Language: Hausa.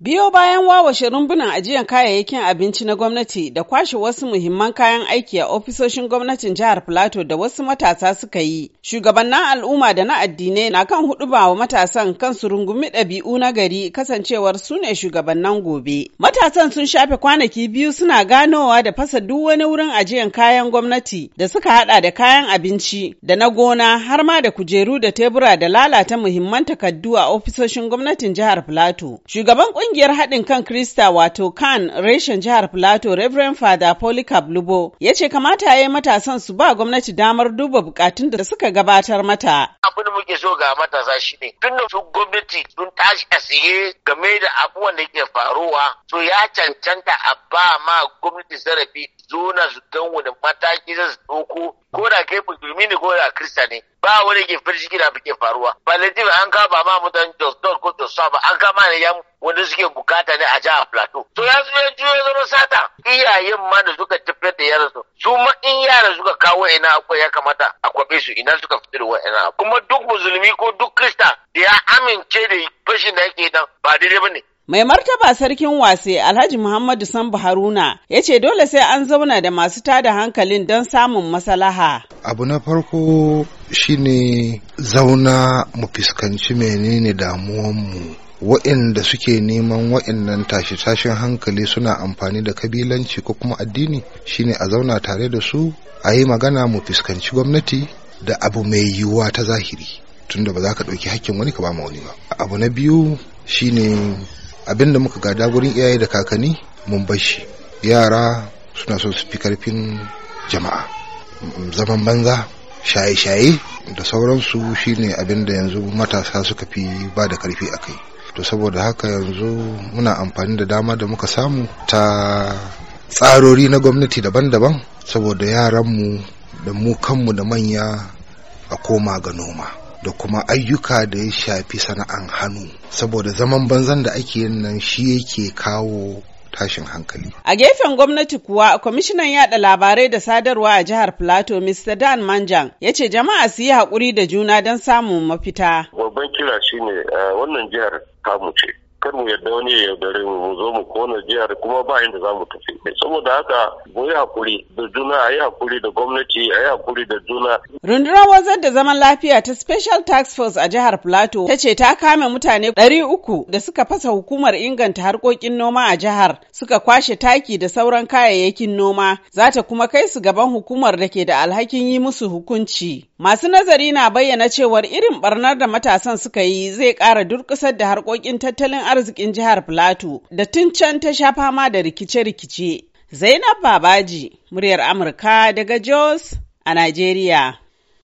Biyo bayan wawashe rumbunan ajiyar kayayyakin abinci na gwamnati da kwashe wasu muhimman kayan aiki a ofisoshin gwamnatin jihar Filato da wasu matasa suka yi, shugabannin al'umma da na addinai na kan huduba wa matasan kan su rungumi ɗabi'u na gari kasancewar su ne shugabannin gobe. Matasan sun shafe kwanaki biyu suna ganowa da fasa duk wani wurin ajiyar kayan gwamnati da suka hada da kayan abinci da na gona har ma da kujeru da tebura da lalata muhimman takaddu a ofisoshin gwamnatin jihar Filato. Shugaban Kungiyar haɗin kan Krista wato kan reshen jihar Filato Reverend Father Polycarp Lubo ya ce kamata ya yi matasan su ba gwamnati damar duba bukatun da suka gabatar mata. Abin da muke so ga matasa shi ne tun da su gwamnati sun tashi a siye game da abubuwan da ke faruwa so ya cancanta a ba ma gwamnati zarafi zona su gan wani mataki za su ɗauko ko da kai musulmi ne ko da Krista ne ba wani ke firshiki da ke faruwa palliative an kama ma mutan jos ko jos ba an kama ne yan wanda suke bukata ne a jihar plateau to ya zuwa ya juyo zama sata iyayen ma da suka tafiyar da yaran su su ma in yara suka kawo ina akwai ya kamata a kwabe su ina suka fitar wa ina kuma duk musulmi ko duk krista da ya amince da fashin da yake dan ba daidai ne. Mai martaba sarkin wase Alhaji Muhammadu Sambu Haruna ya ce dole sai an zauna da masu tada hankalin don samun masalaha. Abu na farko shine zauna mu fuskanci menene damuwanmu. wa'inda suke neman nan tashi-tashin hankali suna amfani da kabilanci ko kuma addini shine a zauna tare da su a yi magana mu fuskanci gwamnati da abu mai yiwuwa ta zahiri tunda ba za ka ɗauki hakkin wani ka ba ma wani ba abu na biyu shine abin da muka gada gurin iyaye da kakanni mun bar shi yara suna so su fi karfin jama'a zaman banza shaye-shaye da sauransu shine abin da yanzu matasa suka fi ba da karfi a kai to saboda haka yanzu muna amfani da dama da muka samu ta tsarori na gwamnati daban-daban saboda yaranmu da mu kanmu da manya a koma ga noma da kuma ayyuka da ya shafi sana'an hannu saboda zaman banzan da ake yin nan shi yake kawo tashin hankali. A gefen gwamnati kuwa, kwamishinan yada labarai da sadarwa a jihar Plateau, Mr. Dan Manjan, ya ce jama'a su yi haƙuri da juna don samun mafita. Babban kira shine eh, wannan jihar kamu ce. kar mu yadda wani ya yaudare mu mu zo mu kona jihar kuma ba inda za mu tafi saboda haka mu yi hakuri da juna a yi hakuri da gwamnati a yi hakuri da juna. rundunar wazar da zaman lafiya ta special task force a jihar plateau ta ce ta kame mutane ɗari uku da suka fasa hukumar inganta harkokin noma a jihar suka kwashe taki da sauran kayayyakin noma za ta kuma kai su gaban hukumar da ke da alhakin yi musu hukunci. Masu nazari na bayyana cewar irin barnar da matasan suka yi zai ƙara durƙusar da harkokin tattalin arziki arzikin jihar Filato da tun can ta sha fama da rikice-rikice. Zainab Babaji, muryar Amurka daga Jos a Najeriya.